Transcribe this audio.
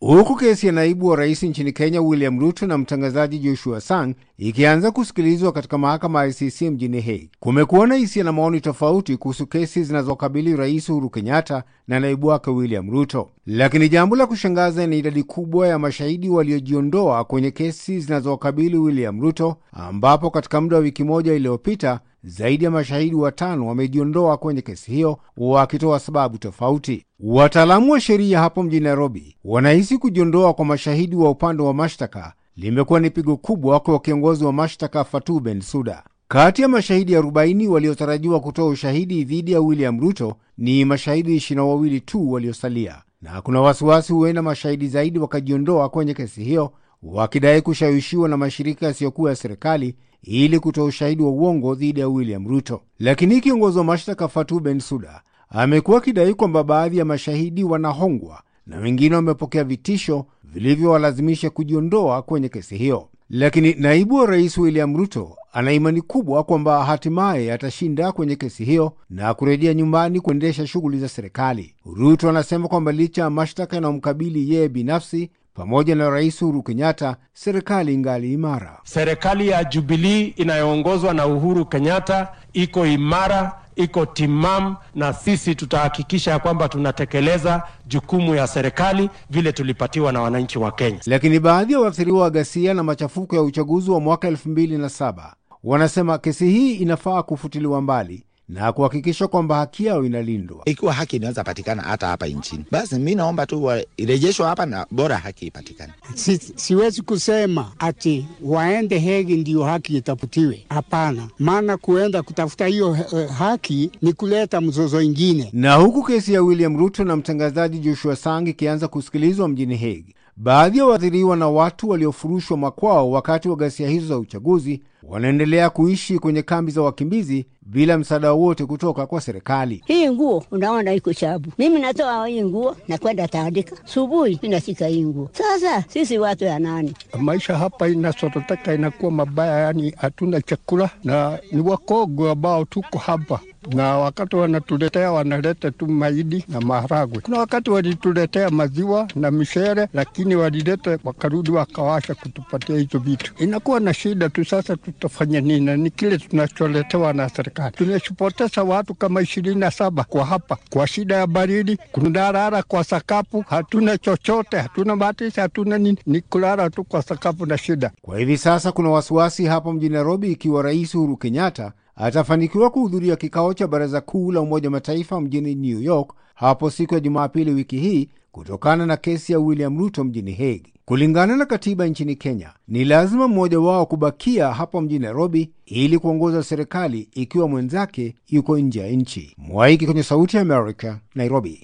huku kesi ya naibu wa rais nchini Kenya William Ruto na mtangazaji Joshua Sang ikianza kusikilizwa katika mahakama ya ICC mjini Hague, kumekuwa na hisia na maoni tofauti kuhusu kesi zinazokabili Rais Uhuru Kenyatta na naibu wake William Ruto. Lakini jambo la kushangaza ni idadi kubwa ya mashahidi waliojiondoa kwenye kesi zinazokabili William Ruto, ambapo katika muda wa wiki moja iliyopita zaidi ya mashahidi watano wamejiondoa kwenye kesi hiyo wakitoa sababu tofauti. Wataalamu wa sheria hapo mjini Nairobi wanahisi kujiondoa kwa mashahidi wa upande wa mashtaka limekuwa ni pigo kubwa kwa kiongozi wa mashtaka fatu ben suda Kati ya mashahidi 40 waliotarajiwa kutoa ushahidi dhidi ya William Ruto ni mashahidi ishirini na wawili tu waliosalia, na kuna wasiwasi huenda mashahidi zaidi wakajiondoa kwenye kesi hiyo wakidai kushawishiwa na mashirika yasiyokuwa ya serikali ili kutoa ushahidi wa uongo dhidi ya William Ruto. Lakini kiongozi wa mashtaka Fatu suda amekuwa akidai kwamba baadhi ya mashahidi wanahongwa na wengine wamepokea vitisho vilivyowalazimisha kujiondoa kwenye kesi hiyo. Lakini naibu wa rais William Ruto ana imani kubwa kwamba hatimaye atashinda kwenye kesi hiyo na kurejea nyumbani kuendesha shughuli za serikali. Ruto anasema kwamba licha ya mashtaka yanayomkabili yeye binafsi, pamoja na Rais Uhuru Kenyatta, serikali ingali imara. Serikali ya Jubilii inayoongozwa na Uhuru Kenyatta iko imara, iko timam na sisi tutahakikisha ya kwamba tunatekeleza jukumu ya serikali vile tulipatiwa na wananchi wa Kenya. Lakini baadhi ya waathiriwa wa ghasia na machafuko ya uchaguzi wa mwaka elfu mbili na saba wanasema kesi hii inafaa kufutiliwa mbali na kuhakikisha kwamba haki yao inalindwa. Ikiwa haki inaweza patikana hata hapa nchini, basi mi naomba tu irejeshwa hapa na bora haki ipatikane. Si, siwezi kusema ati waende Hegi ndiyo haki itafutiwe, hapana, maana kuenda kutafuta hiyo eh, eh, haki ni kuleta mzozo ingine. Na huku kesi ya William Ruto na mtangazaji Joshua Sang ikianza kusikilizwa mjini Hegi, baadhi ya waathiriwa na watu waliofurushwa makwao wakati wa ghasia hizo za uchaguzi wanaendelea kuishi kwenye kambi za wakimbizi bila msaada wowote kutoka kwa serikali. Hii nguo unaona iko chabu, mimi natoa hii nguo nakwenda taandika, subuhi inashika hii nguo. Sasa sisi watu ya nani? Maisha hapa inasoroteka, inakuwa mabaya, yani hatuna chakula na ni wakogo ambao tuko hapa na wakati wanatuletea wanaleta tu maidi na maharagwe. Kuna wakati walituletea maziwa na mishere lakini walileta wakarudi wakawasha kutupatia hizo vitu. Inakuwa na shida tu. Sasa tutafanya nini? Ni kile tunacholetewa na serikali serikali. Tumeshupoteza watu kama ishirini na saba kwa hapa, kwa shida ya baridi, kunarara kwa sakapu, hatuna chochote, hatuna matisi, hatuna nini, ni kulala tu kwa sakapu na shida. Kwa hivi sasa kuna wasiwasi hapa mjini Nairobi ikiwa Rais Uhuru Kenyatta atafanikiwa kuhudhuria kikao cha Baraza Kuu la Umoja wa Mataifa mjini New York hapo siku ya Jumapili wiki hii kutokana na kesi ya William Ruto mjini Hague. Kulingana na katiba nchini Kenya, ni lazima mmoja wao kubakia hapa mjini Nairobi ili kuongoza serikali ikiwa mwenzake yuko nje ya nchi. Mwaiki kwenye Sauti ya America, Nairobi.